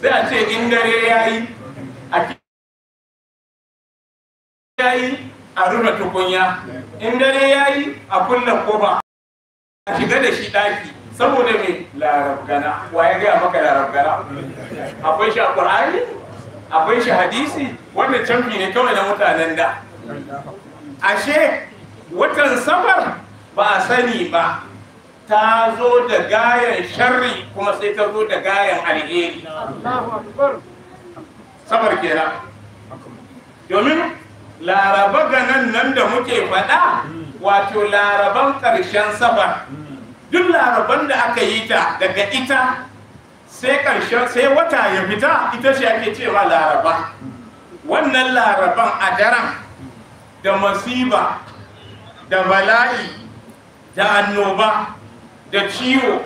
sai a ce in dare ya yi a ya yi a rufe tukunya in dare ya yi a kulla koba a shiga da shi ɗaki saboda mai larabgana wa ya gaya maka larabgana akwai shi a ƙur'ani akwai shi hadisi Wanda canfi ne kawai na mutanen da ashe watan samar ba a sani ba ta zo da gayan sharri kuma sai ta zo da gayan alheri sabar kenan domin laraba ganan nan da muke faɗa wato laraban ƙarshen sabar duk laraban da aka yi ta daga ita sai ƙarshen sai wata ya fita ita ce ake cewa laraba wannan laraban a daren da masiba da bala'i da annoba da ciwo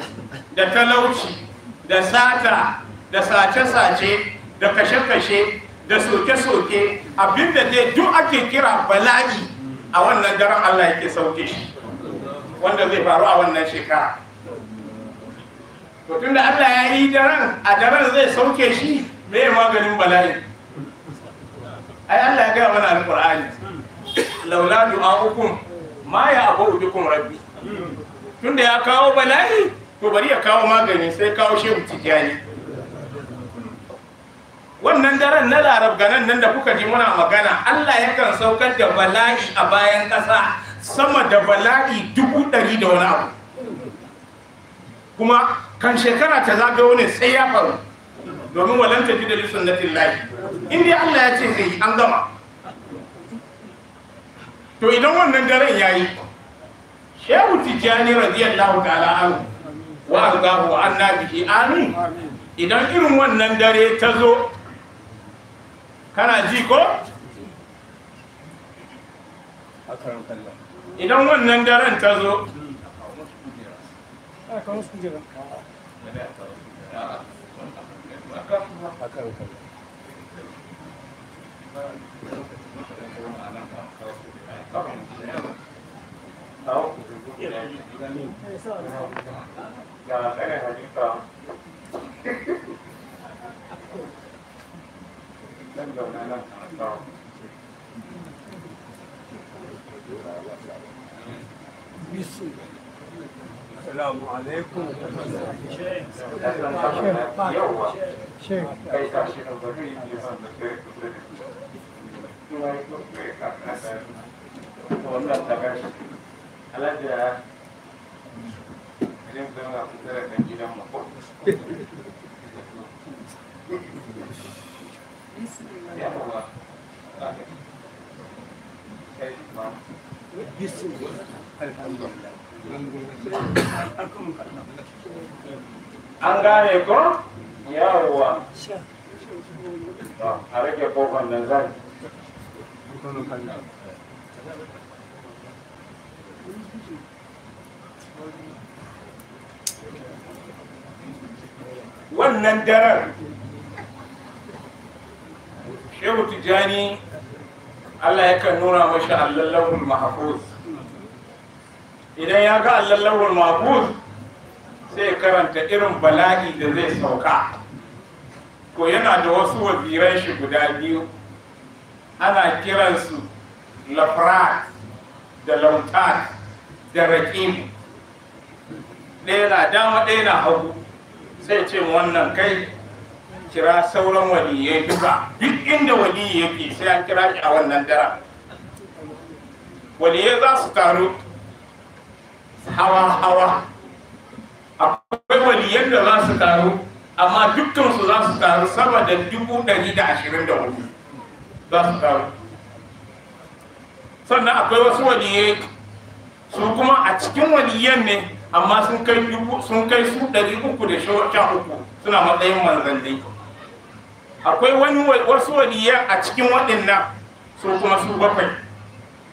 da talauci da sata da sace-sace da kashe-kashe da soke-soke abinda dai duk ake kira bala'i a wannan daren Allah yake sauke shi wanda zai faru a wannan shekara to tunda Allah ya yi daren a daren zai sauke shi me maganin bala'i ai Allah ya gaya mana Laulatu laula hukum, ma ya abu bikum rabbi tunda ya kawo bala'i to bari ya kawo magani sai kawo shehu tijjani wannan daren na larabganan nan da kuka ji muna magana allah yakan saukar da bala'i a bayan ƙasa sama da bala'i dubu ɗari da wani abu kuma kan shekara ta zagayo ne sai ya faru domin walanta ji da sunnatin lahi in dai allah ya ce zai an gama to idan wannan daren ya yi shehu tijjani radiyallahu ta'ala anhu wa ardahu wa anna bihi amin idan irin wannan dare ta zo kana ji ko idan wannan daren ta zo Thank Giờ cái này là những tròn Lên rồi này là tròn بسم السلام عليكم شيخ شيخ شيخ zai zauna ku tara gidan ko a rage kofar nan zai Thank wannan daren shehu tijjani allah ya kan nuna mashi allallawar mahafuz idan ya ga allallawar mahafuz sai karanta irin bala'i da zai sauka ko yana da wasu waziran shi guda biyu ana kiransu lafrat da lautat da rakim ɗaya na dama ɗaya na hagu sai ce wannan kai kira sauran waliyai duka duk inda waliyi yake sai an kira a wannan dara waliyai za su taru hawa hawa akwai waliyan da za su taru amma dukkansu za su taru sama da dubu ɗari da ashirin da wani, za su taru sannan akwai wasu waliyai su kuma a cikin waliyan ne amma sun kai sun kai su ɗari uku da sha uku suna matsayin manzanni akwai wani wasu waliyan a cikin waɗannan su kuma su bakwai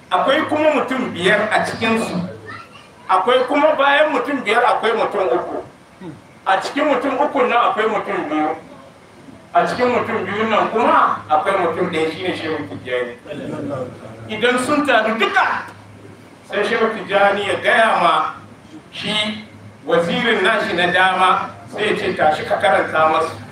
akwai kuma mutum biyar a cikinsu akwai kuma bayan mutum biyar akwai mutum uku a cikin mutum uku nan akwai mutum biyu a cikin mutum biyu nan kuma akwai mutum ɗaya shine shehu tijjani idan sun taru duka sai shehu tijjani ya gaya ma shi wazirin nashi na dama zai ce tashi ka karanta masu